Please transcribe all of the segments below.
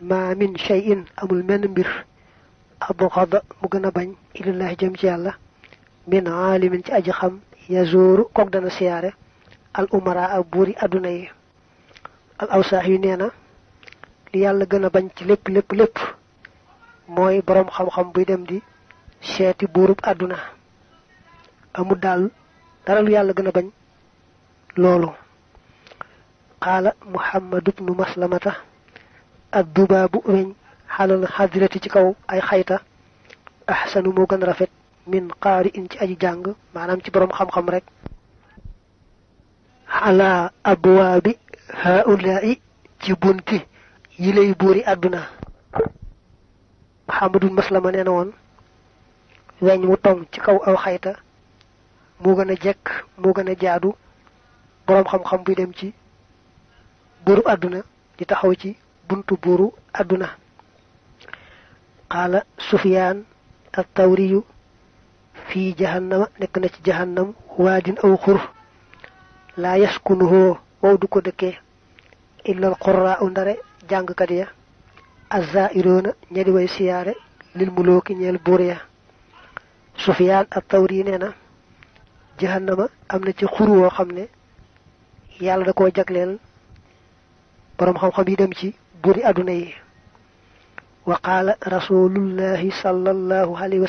ma min shay'in amul menn mbir abghada mu gën a bañ ilallahi jëm ci yàlla min aalimin ci aji xam yazooru kook al umara a buuri adduna yi al awsaax yu nee na li yàlla gën a bañ ci lépp lépp mooy boroom xam-xam buy dem di seeti buurub àdduna amul daal dara lu yàlla gën a bañ loolu qaala muhammad ibnu maslamata ak dubaa bu weñ xalal xadirati ci kaw ay xayta ahsanu moo gën a rafet min qaari in ci aj jàng maanaam ci boroom xam-xam rek ala abwaabi haulaai ci bunti yi lay buuri àdduna Muhammadul Maslama nee na woon weñ mu tong ci kaw aw xayta moo gën a jekk moo gën a jaadu boroom xam-xam buy dem ci buuru àdduna di taxaw ci buntu buuru àdduna qaala sufyaan attawriyu fii jahannama nekk na ci jahannam waadin aw xur laa yaskunuhoo wow du ko dëkkee illal qurraa u ndare jàngkat ya azzairoona ña di way siyaare lil mulooki ñeel buur ya sufyaan attawri nee na am na ci xur woo xam ne yàlla da koo jagleel boroom xam-xam yi dem ci buuri àdduna yi wa qaala rasulullahi sallallahu alayhi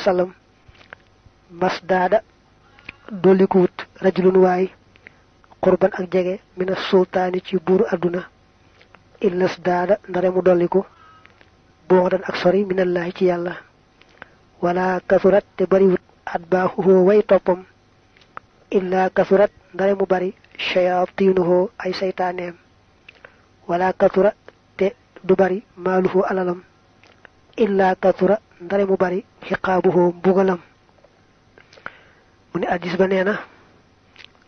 qurban ak jege mina sultaani ci buuru àdduna illas daada ndare mu dolliku boo ak sori minallahi ci yàlla wala kasurat te bariwut at baaxuhoo way toppam illa kasurat ndare mu bari shayaatiinuhoo ay saytaaneem wala kasura du bari maaluhu alalam illa katura ndare mu bari xiqaabuhu mbugalam mu ne addis ba nee na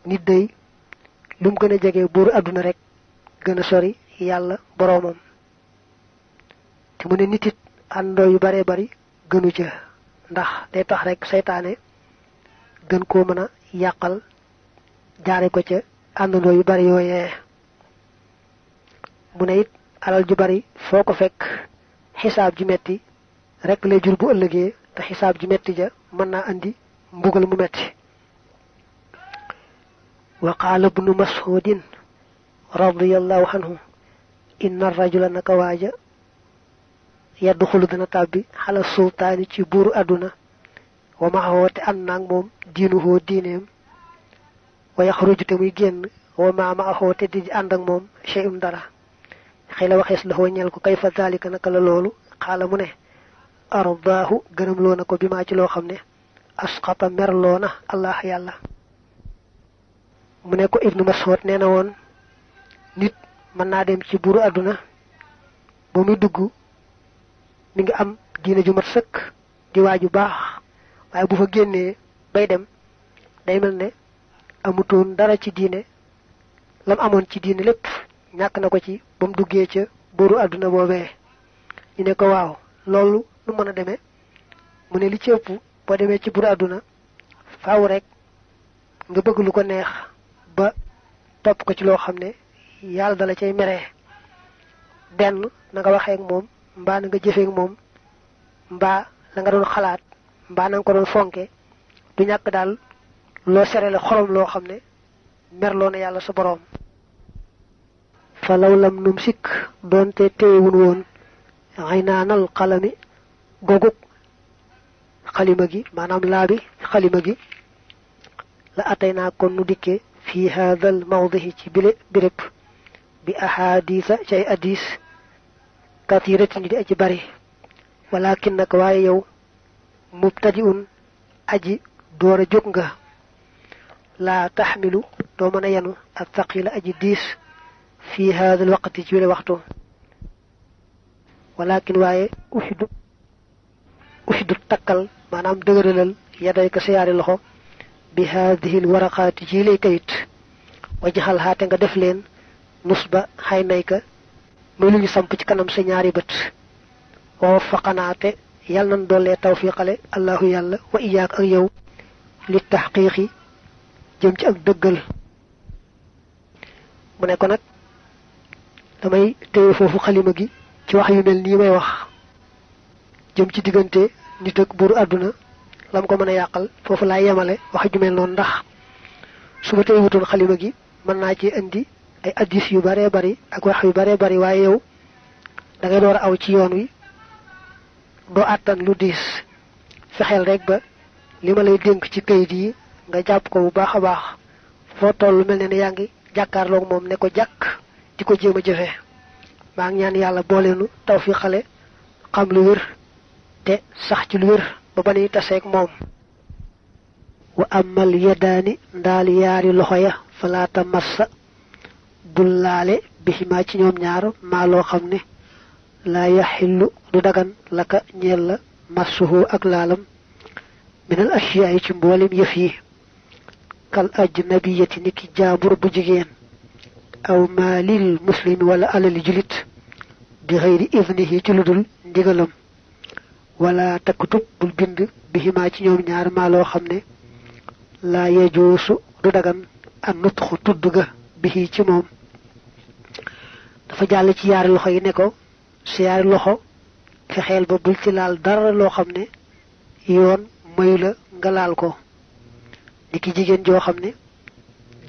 nit day lum mu gën a jege buur àdduna rekk gën a sori yàlla boroomam te mu ne nit it àndoo yu baree bari gënu ca ndax day tax rekk seytaane gën koo mën a yàqal jaare ko ca àndandoo yu bari yooyee mu ne it alal ju bari foo ko fekk xisaab ju metti rek lay jur bu ëllëgee te xisaab ju metti ja mën na andi mbugal mu metti wa qaala ibnu mas'udin radiyallahu anhu inna rajula naka waaja yadduxulu dana tàbbi xala sultaani ci buur àdduna wa maxawoo te ànd naag moom diinuhoo diineem wa yaxruju muy génn wa maa maxawoo te di ànd ak moom cheyum dara xila waxes la ñal ko kayfa zalika naka la lolu xala mu ne ardaahu gërëm lo na ko bima ci lo xamne asqata mer lo na allah yalla mu ne ko ibnu masud neena won nit man na dem ci buru aduna bu muy dugg ni nga am diina ju mat sekk di waju bax waye bu fa bay dem day melne amutoon dara ci diine lam amoon ci diine lépp ñak na ko ci ba mu duggee ca aduna àdduna boobee ñu ne ko waaw loolu nu mëna démé mu li ci ëpp bo démé ci buru aduna, faaw rek nga bëgg lu ko neex ba top ko ci lo xamné yalla dala cey méré ben na nga waxé ak mom mba na nga jëfé ak mom mba la nga doon xalaat mba na nga doon fonke du dal lo séré serele xorom lo xamné na yalla su borom falaw lam numsik donte teyewun woon aynaanal qalami goguk khalima gi maanaam laabi khalima gi la atayna kon nu dikke fi hadhal mawdhi ci bile birep bi ahaditha ci ay adis kathiratin di aji bari walakin nak waye yow mubtadi'un aji doora jog nga la tahmilu do mana yanu ak thaqila aji dis في هذا الوقت جيل وقته ولكن واي أحد أحد التقل ما نام دغر لل يديك سيار الله بهذه الورقات جيلي كيت وجهل هاتن دفلين نصب هاي نيكا نولي سمبت كنم سنياري بت ووفقنا تي يلن دولي توفيق لي الله يلا وإياك أغيو للتحقيق جمج أك دغل منكونك damay téye foofu xalima gi ci wax yu mel nii may wax jëm ci diggante nit ak buur àdduna lam ko mën a yàqal foofu laay yemale wax ju mel noonu ndax su ma téye wutoon xalima gi mën naa ci indi ay addis yu baree bari ak wax yu baree bari waaye yow dangay ngay door a aw ci yoon wi doo àttan lu diis fexeel rek ba li ma lay dénk ci kayit yi nga jàpp ko bu baax a baax foo toll mel ne ni yaa ngi jàkkaarloog moom ne ko jàkk di ko jéem a jëfe maa ngi ñaan yàlla booleenu tawfiqale xam lu wér te sax ci lu wér ba ba nuy taseeg moom wa amal yadaani ndaal yaari loxo ya falaata marsa bul laale biximaa ci ñoom ñaar maa xam ne laa yaxillu du dagan laka ñeel la massuhu ak laalam minal ashiyaa ci mboolem yëf yi kal ajnabiyati ni ki jaambur bu jigéen أو مال المسلم ولا على الجلد بغير إذنه جلد نغلم ولا تكتب البند بهما تنيوم نار مالو خمنا لا يجوس ردغن أن نطخ تدغ به تنوم فجعل تيار الله ينكو سيار الله فخيل ببلتلال در لو خمنا يون ميلة غلالكو لكي جيجن جو خمنا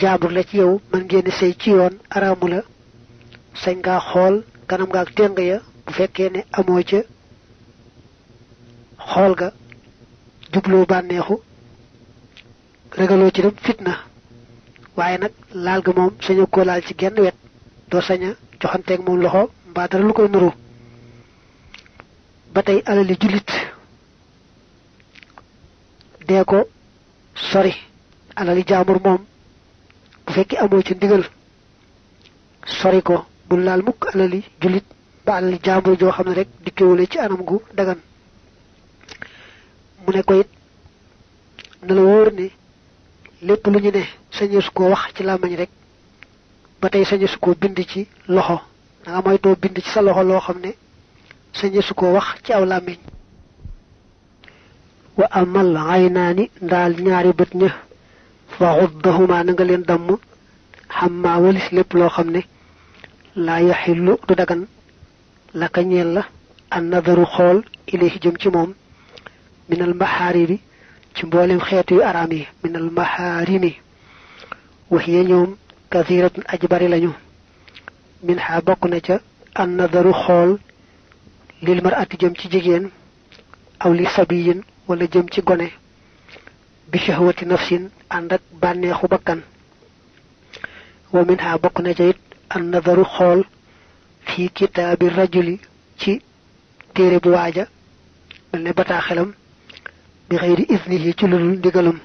jaabur la ci yow mën ngeen sëy ci yoon araamu la sañ ngaa xool kanam nga ak téng ya bu fekkee ne amoo ca xool ga jubloo bànneexu regaloo ci dem fitna waaye nag laal ga moom saña ko laal ci genn wet doo saña joxanteeg moom loxo mbaa dara lu koy nuru ba tey alali jullit dee ko sori alali jaamur moom fekki amo ci digal sori ko bu laal mukk alali julit baal alali joham xamne rek dikewule ci anam gu dagan mu ne ko it na la wóor ne lepp lu ñu ne sañeesu ko wax ci làmmañ rek batay señu sañeesu bind ci loxo da nga to bind ci sa loxo lo xamne ne sañeesu wax ci aw wa amal aynani ndaal ñaari bët wa uddahuma na nga leen damm xamma walis lépp loo xam ne laa yaxillu du dagan la ka ñeel la an nadaru xool ilayhi jëm ci moom minal maxaarimi ci mboolem xeetu yu araam yi minal maxaarimi waxiya ñoom kathiratun aji bari lañu min xaa bokk na ca an nadaru xool lil mar ati jëm ci jigéen aw li sabiyin wala jëm ci gone bi shahwati nafsin ànd ak bànneexu bakkan wa min ha bokk na ca it an nadaru xool fi kitaabi rajuli ci téere bu waaja mel ne bataaxelam bi xëyri isnihi ci lulul ndigalam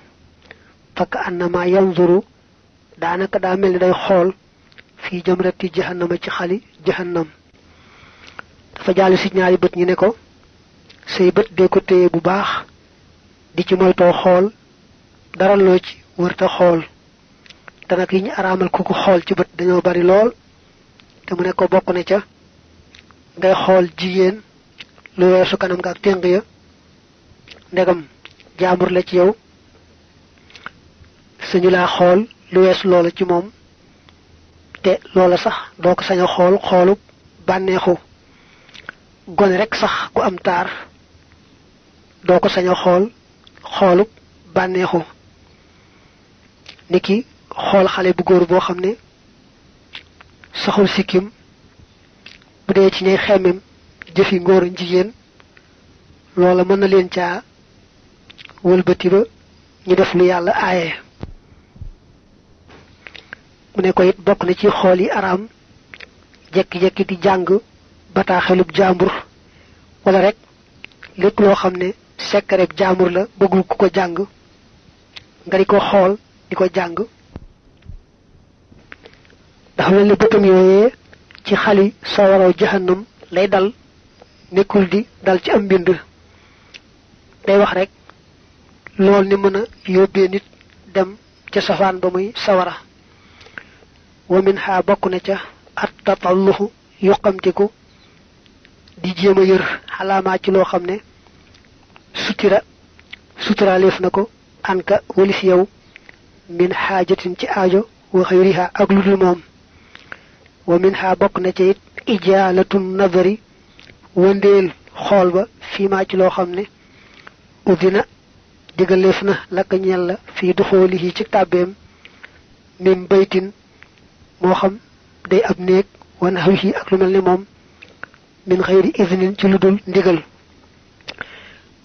fakk annama yanzuru daanaka daa mel ni day xool fi jamrati jahannama ci xali jahannam dafa jàll si ñaari bët ñi ne ko say bët dee ko téye bu baax di ci moytoo xool dara loo ci wërta xool te nag yi ñu araamal ku ko xool ci bët dañoo bari lool te mu ne ko bokk na ca ngay xool jigéen lu weesu kanam nga ak téng ya ndegam jaambur la ci yow suñu laa xool lu weesu loola ci moom te loola sax doo ko sañ xool xoolu bànneexu gone rek sax gu am taar doo ko xool xoolu bànneexu ki xool xale bu góor boo xam ne saxul sikkim bu dee ci ñay xemmem jëfi ngóor jigéen loola mën na leen caa wëlbati ba ñu def lu yàlla aaye mu ne ko it bokk na ci xool yi araam jekki-jekki di jàng bataaxelub jaambur wala rekk lépp loo xam ne sekkareb jaambur la bëggul ku ko jàng nga di ko xool di ko jàng ndax mel ni bëtam yooyee ci xali sawara jahannam lay dal nekkul di dal ci am mbind day wax rek lool ni mën a yóbbee nit dem ca safaan ba muy sawara wa bokk na ca at tatalluxu yuqamtiku di jéem a yër xalaamaa ci loo xam ne sutira suturaaleef na ko anka walis yow min xaajatin ci aajo wa xëyriha ak lu dul moom wa min xaa bokk na ci it ijaalatu nadari wëndeel xool ba fii maa ci loo xam ne udina digaleef na lakk ñel la fii duxoolihi ci tàbbeem min baytin moo xam day ab néeg wan xaw yi ak lu mel ne moom min xëyri isnin ci lu dul ndigal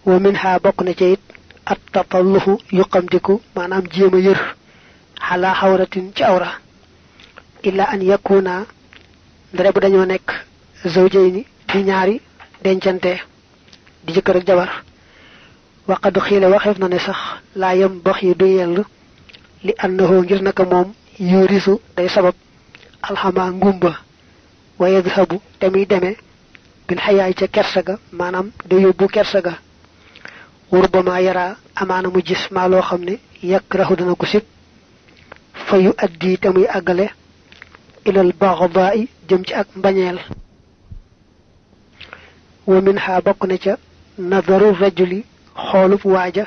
wa min xaa bokk na ci it at tatalluxu yuqamtiku maanaam jéem a yër xalaa xawratin ci awra illa an naa ndare bu dañoo nekk zawjayni fi ñaari dencante di jëkkër ak jabar waqad xiile waxeef na ne sax laa yam bax yi du yell li annahu ngir naka moom yurisu day sabab alxamaa ngumba wa yadhabu te muy demee bil xayaay ca kersa ga maanaam day yóbbu kersa ga وربما يرى أمانا مجيس لو خمني يكره دون كسب فيؤدي تمي أغلي إلى البغضاء جمج أك ومنها بقنجة نظر الرجل خالف واجه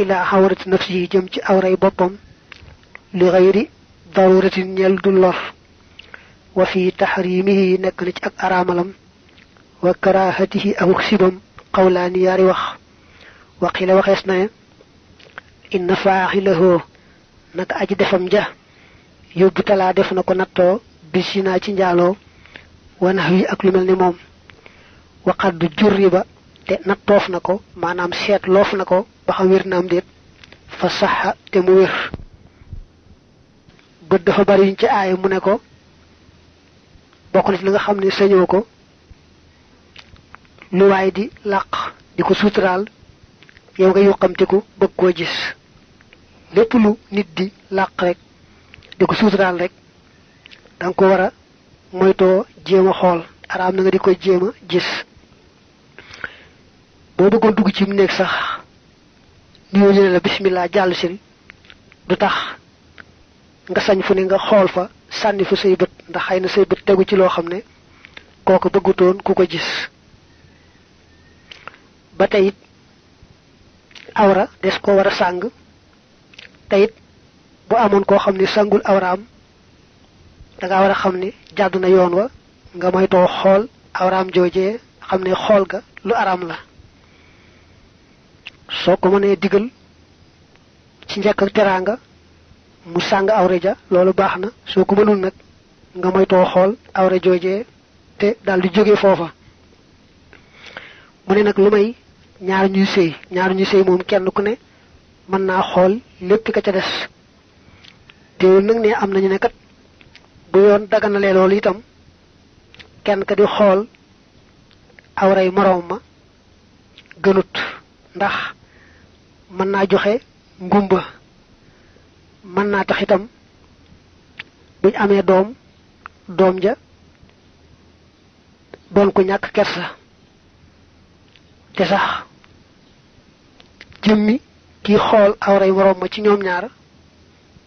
إلى حورة نفسه جمج أوري بطن لغير ضرورة يلد دولار وفي تحريمه نكنج أك أراملم وكراهته أو كسبم قولان ياري وخ waqila waxees na ne inna faaxilahoo naka aji defam ja yóbbu talaa def na ko nattoo bi sinaa ci njaaloo wanax wi ak lu mel ni moom waqaddu jurri ba te nattoof na ko maanaam seet loof na ko ba xam wér naam am déet fa saxa te mu wér bët dafa bari yuñ ci aaya mu ne ko bokk na ci li nga xam ne sañoo ko lu waay di làq di ko suturaal yow nga yoxamtiku bëgg koo gis lépp lu nit di làq rek di ko suuturaal rek da nga ko war a moytoo jéem a xool araam na nga di ko jéem a gis boo bëggoon dugg ci néeg sax ñu ne la bismillah jàll si du tax nga sañ fu ne nga xool fa sànni fu say bët ndax xëy na say bët tegu ci loo xam ne kooku bëggutoon ku ko gis ba awra des ko war sàng te it bu amoon koo xam ne sàngul awraam danga nga war a xam ne jàdd na yoon wa nga moytoo xool awraam joojee xam ne xool ga lu araam la soo ko mënee digal ci njëkk teraanga mu sàng awra ja baax na soo ko mënul nag nga moytoo xool awra joojee te daal jóge foofa mu ne nag lu may ñaar ñuy sëy ñaar ñuy sëy moom kenn ku ne mën naa xool lépp ka ca des teewul nag ne am nañu nekkat kat bu yoon daganalee loolu itam kenn ka di xool awray moroom ma gënut ndax mën naa joxe ngumba mën naa tax itam buñ amee doom doom ja doon ku ñàkk kersa te sax jëmmi kii xool awray waroom ma ci ñoom ñaar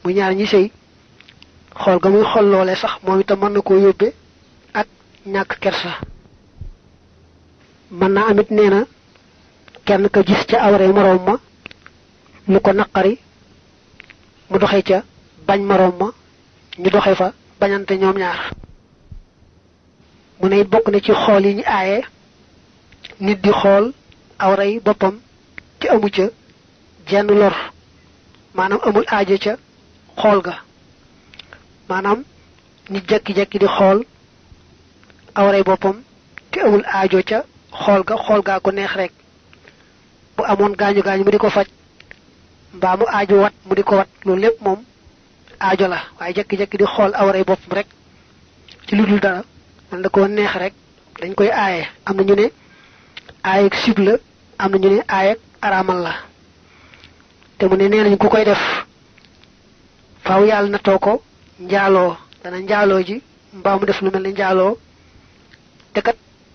mu ñaar ñi xool ga muy xool loole sax moom itam mën na koo yóbbe ñàkk kersa mën na amit na kenn ka gis ca awray moroom ma lu ko naqari mu doxe ca bañ moroom ma ñu doxe fa bañante ñoom ñaar mu ne bokk na ci xool yi ñu aaye nit di xool awray boppam te amu ca jenn lor maanaam amul aajo ca xool ga maanaam nit jekki-jekki di xool awray boppam te amul aajo ca xool ga xool gaa ko neex rek bu amoon gaañu gaañu mu di ko faj mbaa mu aajo wat mu di ko wat loolu lépp moom aajo la waaye jekki-jekki di xool awray boppam rek ci lu dul dara man da koo neex rek dañ koy aaye am na ñu ne aayeeg sib la am na ñu ne aayeeg araamal la te mu ne nee nañ ku koy def faaw yàlla na too ko njaaloo dana njaaloo ji mbaa mu def lu mel ne njaaloo te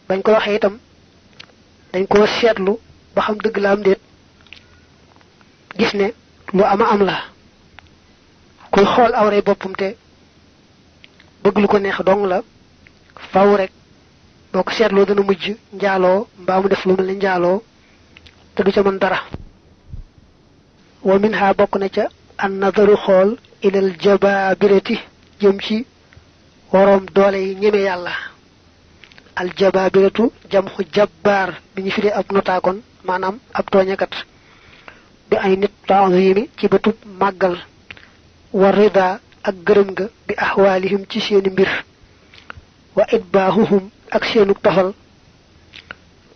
bañ ko waxee itam dañ koo seetlu ba xam dëgg laa am déet gis ne lu ama am la kuy xool awray boppam te bëgg lu ko neex dong la faw rek boo ko seetloo dana mujj njaaloo mbaa mu def lu mel ne njaaloo te du ca mën dara wa minha bokk na ca an nadaru ila inel jababirati jëm ci worom doole yi ñeme yalla al jababiratu khu jabbar, bi ñu fidee ab kon manam ab tooñakat bi ay nit ta'zimi ci bëtu magal wa rida ak gërëm nga bi ahwalihim ci seen mbir wa itbaahuhum ak seenu tofal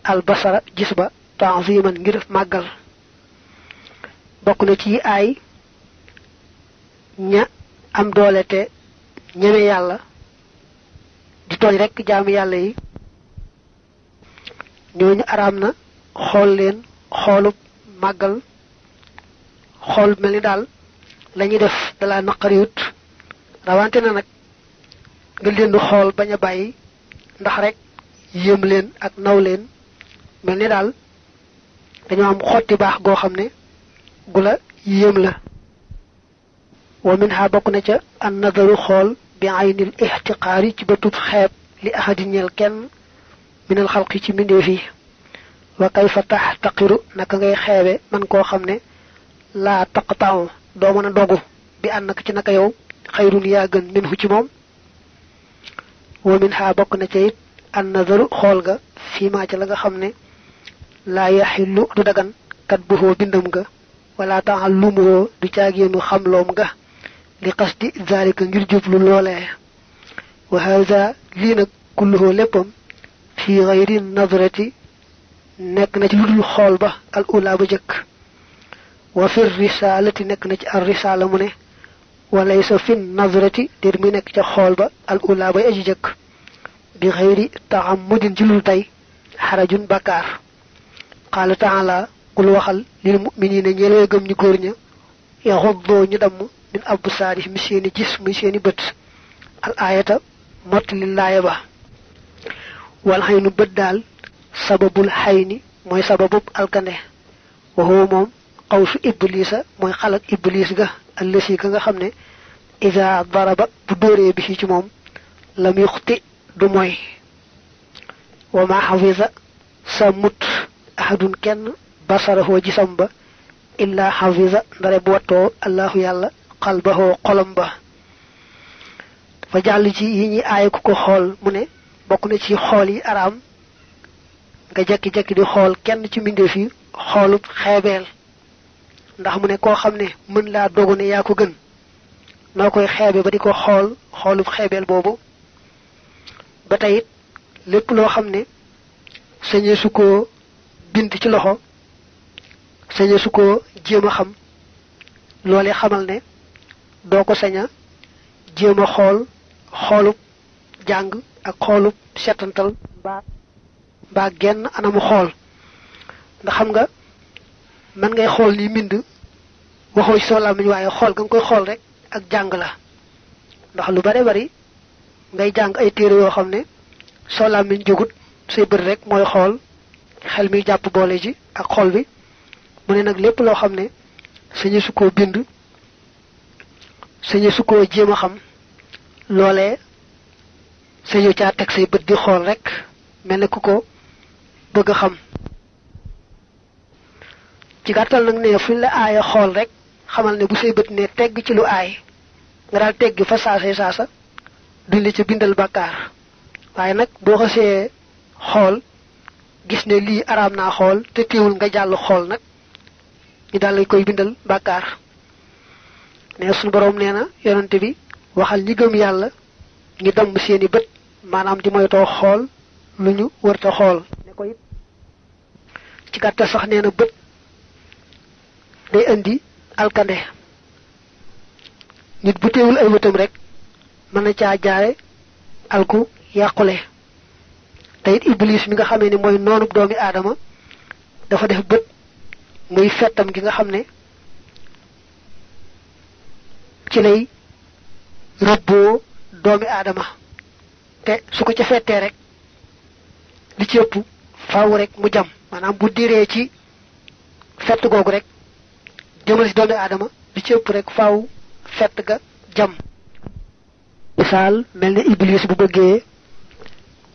al basara gis ta'ziman ngir màggal bokk na ci ay ña am doole te ñeme yàlla di tooñ rekk jaamu yàlla yi ñooñu araam na xool leen xoolub màggal xool mel ni daal la def dalaa naqariwut rawante na nag nga leen di xool bañ a bàyyi ndax rek yéem leen ak naw leen mel ni daal dañu am xotti baax goo xam ne gu la la wa min ha bokk na ca an nadaru xool bi aynil ixtiqaari ci bëtub xeeb li ahadi ñel kenn min al xalqi ci mbindeef yi wa kayfa taxtaqiru naka ngay xeebe man koo xam ne laa taqtaaw doo mën a dogu bi ànd naka ci naka yow xayrun yaa gën minhu ci moom wa min ha bokk na ca it an nadaru xool ga fii maa ca la nga xam ne la yahillu du dagan kat buho bindam ga wala ta'allumuhu du ciagenu xamlom ga li qasdi zalika ngir jublu lolé wa hadha li nak kulluhu leppam fi ghayri nazrati nek na ci ludul xol ba al ula ba jek wa fi risalati nek na ci ar risala mu ne walaysa fi nazrati dir mi nek ci xol ba al ula ba aji jek bi ghayri ta'ammudin ci lul tay harajun bakar قال تعالى قل وخل للمؤمنين نيلو گم ني گورنيا يغضوا ني دم من ابصارهم مشيني جسم مشيني بت الايه مت لله با والحين بدال سبب الحين موي سبب الكنه وهو موم قوس ابليس موي خلق ابليس گا الذي كغا خمنه اذا ضرب بدوري به تي موم لم يخطئ دو موي وما حفظ سمت ahadun kenn basarahoo gisam ba illaa xafisa ndare bu wattoo allahu yàlla xalbahoo xolam ba fa jàll ci yi ñuy aaye ku ko xool mu ne bokk na ci xool yi araam nga jekki-jekki di xool kenn ci mbindeef yi xoolub xeebeel ndax mu ne koo xam ne mën laa dogu ne yaa ko gën noo koy xeebe ba di ko xool xoolub xeebeel boobu ba tey lépp loo xam ne sañee su ko bind ci loxo saña su ko jéem a xam loolee xamal ne doo ko saña jéem a xool xoolub jàng ak xoolub setantal mbaa mbaa genn anamu xool ndax xam nga man ngay xool ni mbind waxoo ci soxlaa muñu waaye xool ga nga koy xool rek ak jàng la ndax lu bare bari ngay jàng ay téere yoo xam ne soxlaa muñ jógut say bët rek mooy xool xel mi jàpp boole ji ak xool bi mu ne nag lépp loo xam ne sañu su koo bind sañu su koo jéem a xam loolee sañu caa teg say bët di xool rek mel ne ku ko bëgg a xam ci gàttal nag ne fuñ la aaye xool rek xamal ne bu say bët ne tegg ci lu aay nga daal teggi fa saasay saasa duñ la ca bindal bàkkaar waaye nag boo xasee xool gis ne lii araam naa xool te teewul nga jàll xool nag ñu daal lay koy bindal bàkkaar ne suñu borom nee na yonante bi waxal ñi gëm yàlla ñu damm seeni bët maanaam di moytoo xool lu ñu wërta xool ne ko it ci gàttal sax nee na bët day andi alkande nit bu teewul ay bëtam rek mën na caa jaare alku yàqule te it iblis mi nga xamee ni mooy noonu doomi aadama dafa def bët muy fettam gi nga xam ne ci lay rëbboo doomi aadama te su ko ca fettee rek li ci ëpp faaw rek mu jam maanaam bu diree ci fett googu rek jëmale ci doomi aadama li ci ëpp rekk faw fett ga jam misaal mel ne iblis bu bëggee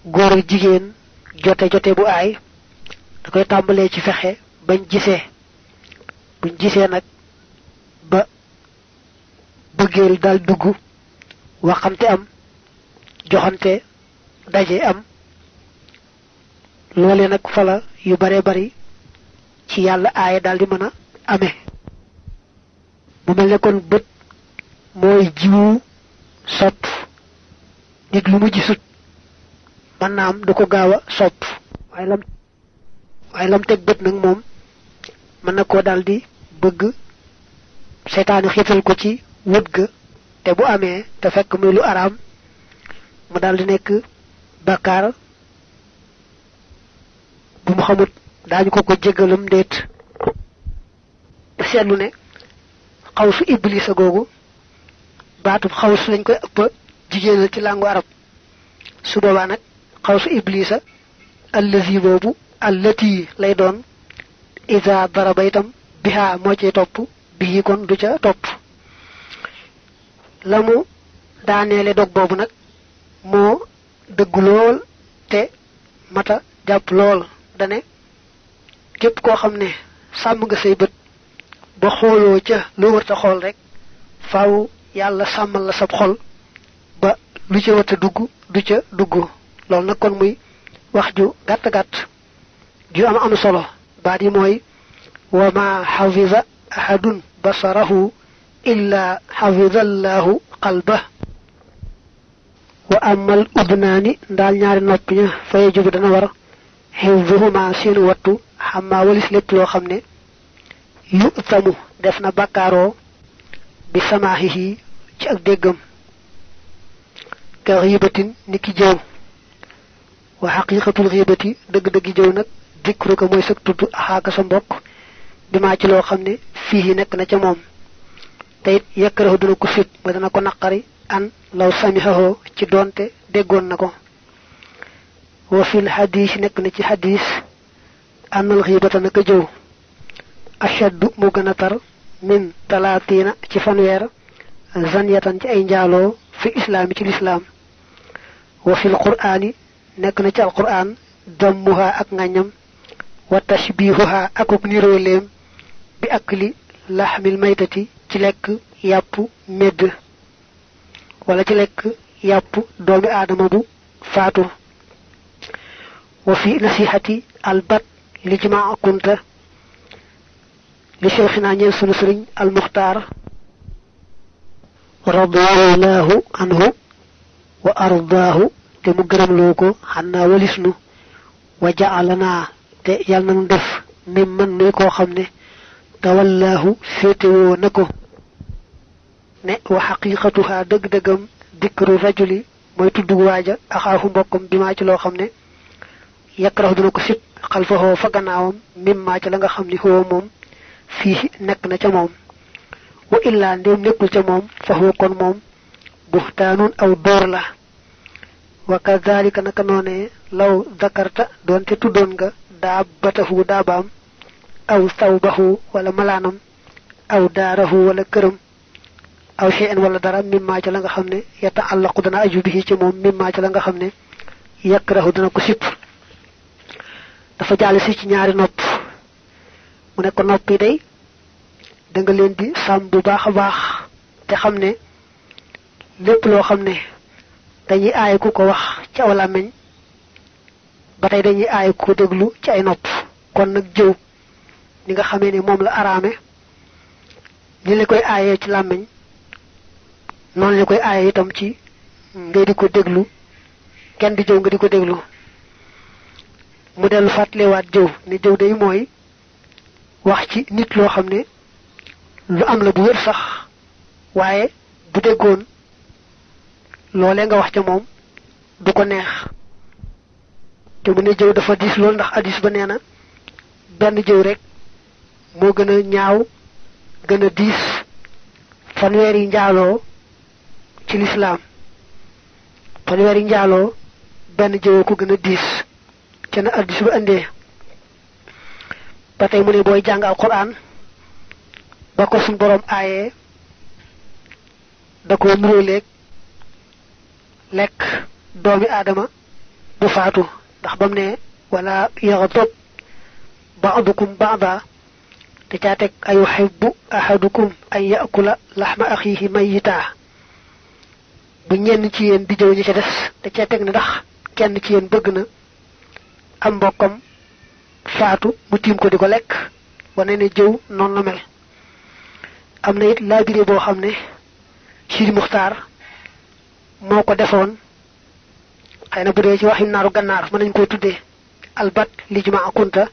góor ak jigéen jote jote bu aay da koy tàmbalee ci fexe bañ gisee buñ gisee nag ba bëggeel daal dugg waxante am joxante daje am loole nag fala yu bare bari ci yàlla aaya daldi mën a ame mu mel ne kon bët mooy jiwu sopp nit lu mu gisut man naa am du ko gaaw a sopp waaye lam waaye teg bët nag moom mën na koo daldi bëgg seytaane xiital ko ci wut ga te bu amee te fekk muy lu araam mu daldi nekk bàkkaar bu mu xamut daañu ko ko jégalam ndéet te seetlu ne xawsu iblisa googu baatub xaws lañ koy ëpp jigéenal ci làngu arab su boobaa nag xawsu iblisa allazi boobu allati lay doon isa daraba itam biha moo ci topp bii kon du ca topp la mu daaneele dog boobu nag moo dëgg lool te mata jàpp lool dane képp koo xam ne sàmm nga say bët ba xooloo ca lu wërta xool rek faaw yàlla sàmmal la sab xol ba lu ca wërta dugg du ca dugg loolu nag kon muy wax ju gàtt gàtt ju am am solo baat yi mooy wa ma xafida ahadun basarahu illa xafida allahu qalbah wa amal udnaani ndaal ñaari noppi ña fa yajibu dana war xifduhuma seen wattu xamaa walis lépp loo xam ne yutamu def na bàkkaaroo bi samaahihi ci ak déggam ka xiibatin ni ki jëw wa haqiqatul ghibati deug deug jew nak dikru ko moy sak tuddu haaka sa mbokk bima ci lo xamne fihi nek na ca mom tayit yakrahu dana ko fit ba dana ko naqari an law samihahu ci donte deggon nako wa fil hadith nek na ci hadith an al ghibata naka jew ashaddu mu gëna tar min talatina ci fanwer zaniyatan ci ay njaalo fi islam ci l'islam wa fil qur'ani nek na ci alquran damuha ak ngagnam wa tashbihuha ak nirolem bi akli lahmil maytati ci lek yap med wala ci lek yap doomi adama bu fatu wa fi nasihati albat li jimaa kunta li cheikhina ñeel sunu sëriñ al muxtaar radiallahu anhu wa ardaahu te mu gërëm loo ko xanaa walis nu wa ja'alana te yal nañu def ne man ne koo xam ne tawallaahu féetewoo na ko ne wa xaqiqatuha dëgg-dëggam dikru rajuli mooy tudd waaja axaahu mbokkam bi maa ci loo xam ne yakrahu dina ko sib xalfahoo fa gannaawam mim maa ci la nga xam ni xoo moom fii nekk na ca moom wa illaa ndéem nekkul ca moom fa kon moom buxtaanun aw dóor la wa kazalika naka noonee law zakarta doonte tuddoon nga daabatahu daabaam aw sawbahu wala malaanam aw daarahu wala këram aw shay'an wala dara mimmaa ca la nga xam ne yataallaqu dana aju bihi ci moom mimmaa ca la nga xam ne yakrahu dana ko sipp dafa jàll si ci ñaari nopp mu ne ko nopp yi day da nga leen di sàmm bu baax a baax te xam ne lépp loo xam ne dañuy aaye ku ko wax ci aw làmmiñ ba tey dañuy aaye ku ko déglu ci ay nopp kon nag jëw ni nga xamee ni moom la araame ni la koy aayee ci làmmiñ noonu la koy aaye itam ci ngay di ko déglu kenn di jëw nga di ko déglu mu dellu fàttalewaat jëw ne jëw day mooy wax ci nit loo xam ne lu am la bu wér sax waaye bu déggoon loole nga wax ca moom du ko neex te bu ne jëw dafa diis loolu ndax addis ba nee na benn jëw rekk moo gën a ñaaw gën a diis fanweer yi njaaloo ci lislaam fanweer yi njaaloo benn jëwoo ko gën a diis ca na addis ba indee ba tey mu ne booy jàng alquran ba ko suñ boroom aayee da ko nuróoleeg lekk doomi aadama bu faatu ndax ba mu ne wala yaxdob baadukum baada te caa teg ay yuhibbu ahadukum an yakula laxma axiihi mayyita bu ñenn ci yéen di jëw ñi ca des te caa teg ne ndax kenn ci yéen bëgg na am mbokkam faatu mu tiim ko di ko lekk wane ne jëw noonu la mel am na it laabire boo xam ne Sidi Muxtaar moo ko defoon xëy na bu dee ci wax waxi naaru gànnaar mën nañu koy tuddee albat li jumaa kunta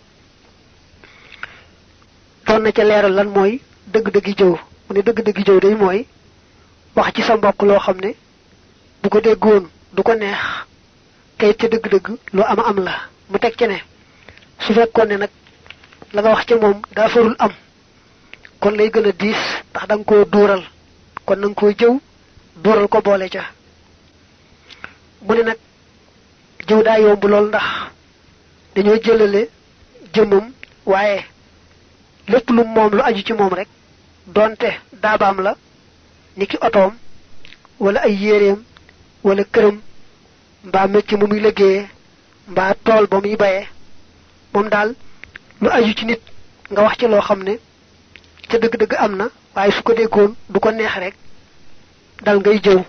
doon na ca leeral lan mooy dëgg-dëggi jëw mu ne dëgg-dëggi jëw day mooy wax ci sa mbokk loo xam ne bu ko déggoon du ko neex tey it ca dëgg-dëgg lu am am la mu teg ci ne su fekkoon ne nag la nga wax ca moom daa farul am kon lay gën a diis ndax da ko duural kon na ko koo jëw duural ko boole ca mu ne nag jiw daa yomb lool ndax dañoo jëlale jëmmam waaye lépp lu moom lu aju ci moom rek donte daabaam la ni ki otoom wala ay yéreem wala këram mbaa mecc mu muy liggéeyee mbaa tool ba muy bayee moom daal lu aju ci nit nga wax ci loo xam ne ca dëgg-dëgg am na waaye su ko déggoon du ko neex rek dal ngay jëw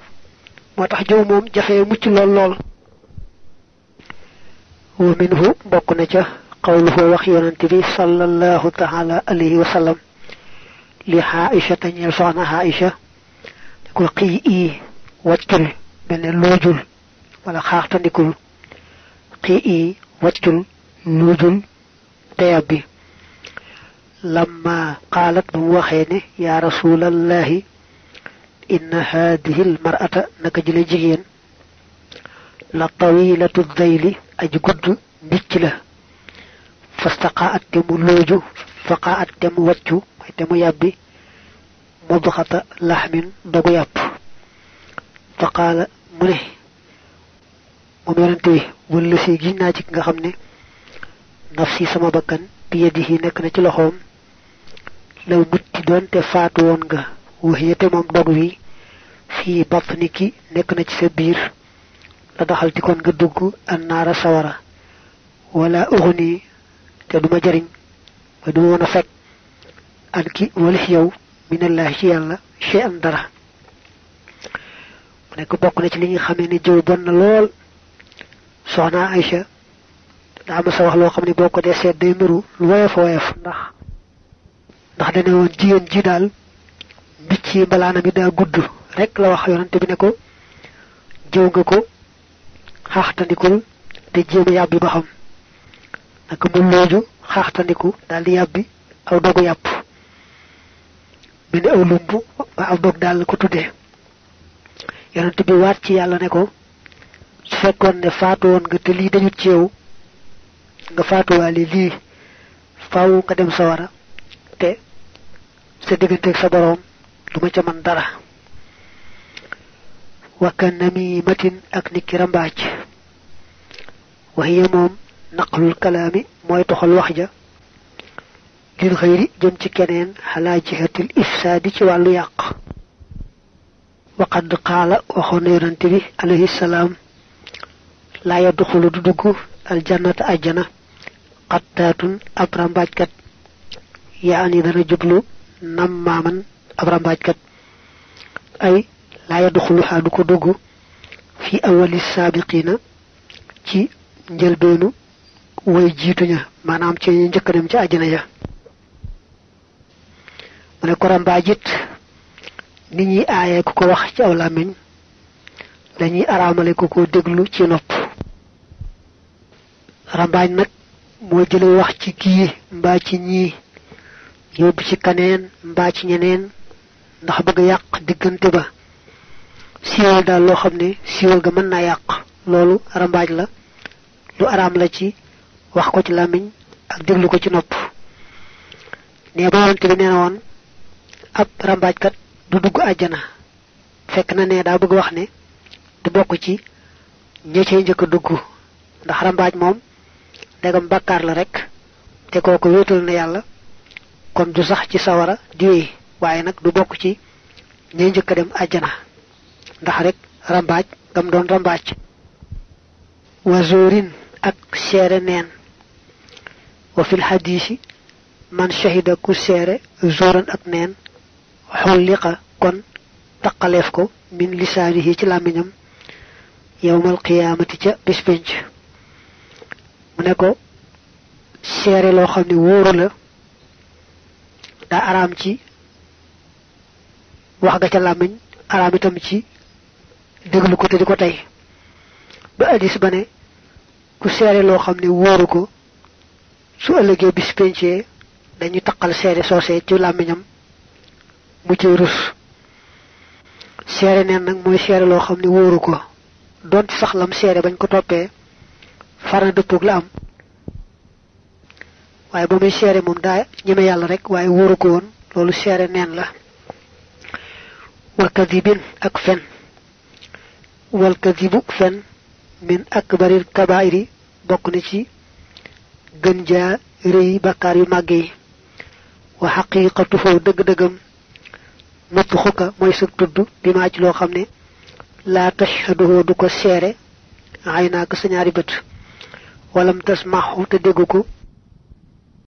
motax jow mom jaxé mucc lol lol wa minhu bokku na ca qawluhu wax yonante sallallahu ta'ala alayhi wa sallam li aisha yel soxna aisha ko qii i ben lojul wala khaxtandikul qii i waccul lojul tayabi lamma qalat bu waxene ya rasulallahi inna hadhihi al mar'ata naka jile jigen la tawilatu dhayli aji gudd bicc fastaqa'at tamu loju faqa'at tamu waccu tamu yabbi mudghata lahmin dogu yap faqala mune mom yonante bi wala ci nga xamne nafsi sama bakkan bi yadihi nek na ci loxom law mutti donte faatu won nga waxiyate moom dog wi fii batniki nekk na ci sa biir la kon nga dugg sawara wala uxuni te duma jariñ ba duma mën a fekk an ki walix yow minallahi ci yàlla chey an dara mu nekk bokk na ci li nga xamee ne jëw bon na lool soxna aïcha daa ma sa wax loo xam ndax ndax ji bicci balana mi da gudd rek la wax yonante bi ne ko jew nga ko xaxtandikul te jéem yàbbi ba xam naka mu looju xaxtandiku dal di yàbbi aw dogu yàpp bi aw lumb ba aw dog dal ko tudde yonante bi waat ci yàlla ne ko su fekkoon ne faatu woon nga te lii dañu ci yow nga lii faaw nga dem sawara te sa digganteeg sa borom duma ca man dara wa ka namimatin ak niki rambaaj wa hiya moom naqlul kalaami mooy toxal wax ja lil xëyri jëm ci keneen xalaa jihatil ifsaadi ci wàllu yàq waqad qaala waxoon na yonante bi alayhi salaam laa yadduxulu du dugg aljannata ajjana qattaatun ab rambaajkat yaa ani dana jublu nammaaman ab kat ay la yadkhuluha du ko dugg fi awali sabiqina ci doonu way jituña manam ci ñu njëkk dem ci àjjana ya mu ne ko rambaajit ni ñi aayee ko ko wax ci aw làmmiñ dañuy araamale ko ko déglu ci nopp rambaaj nak mo jële wax ci ki ci ñi yob ci kaneen ci ñeneen ndax bëgg yàq diggante ba siwal daal loo xam ne ga mën naa yàq loolu rambaaj la lu araam la ci wax ko ci làmmiñ ak déglu ko ci nopp ne ba yonante bi nee na woon ab rambaajkat du dugg àjjana fekk na ne daa bëgg wax ne du bokk ci ña cay njëkk dugg ndax rambaaj moom ndegam bàkkaar la rek te kooku wéetal na yàlla kon du sax ci sawara diwee waaye nag du bokk ci ñay njëkk a dem àjjana ndax rek rambaaj gam doon rambaaj wazorin ak seere neen wa fil xadiisi man shahida ku seere zoran ak neen xolliqa kon taqaleef ko min lisaanihi ci làmmiñam yowmal qiyaamati ca bis penc mu ne ko seere loo xam ne wóoru la daa araam ci wax ga ca lamiñ araam tam ci déglu ko te di ko ba hadis bané ku séré lo xamné woru ko su ëllëgee bis pencé dañu takal séré sosé ci lamiñam mu ci rus séré né nak moy séré lo xamné woru ko don sax lam séré bañ ko toppee fara dëppoog la am waye bu muy séré mom daa ñeme yalla rek waye woru ko won lolu séré nén la وكذب أكفن والكذب أكفن من أكبر الكبائر بقنشي جنجا ري بكاري ماجي وحقيقته دق دقم مطخوكا ميسك تدو بما أجلو خمني لا تشهده دوكو سيري عيناك سنياري بت ولم تسمحه تدقوكو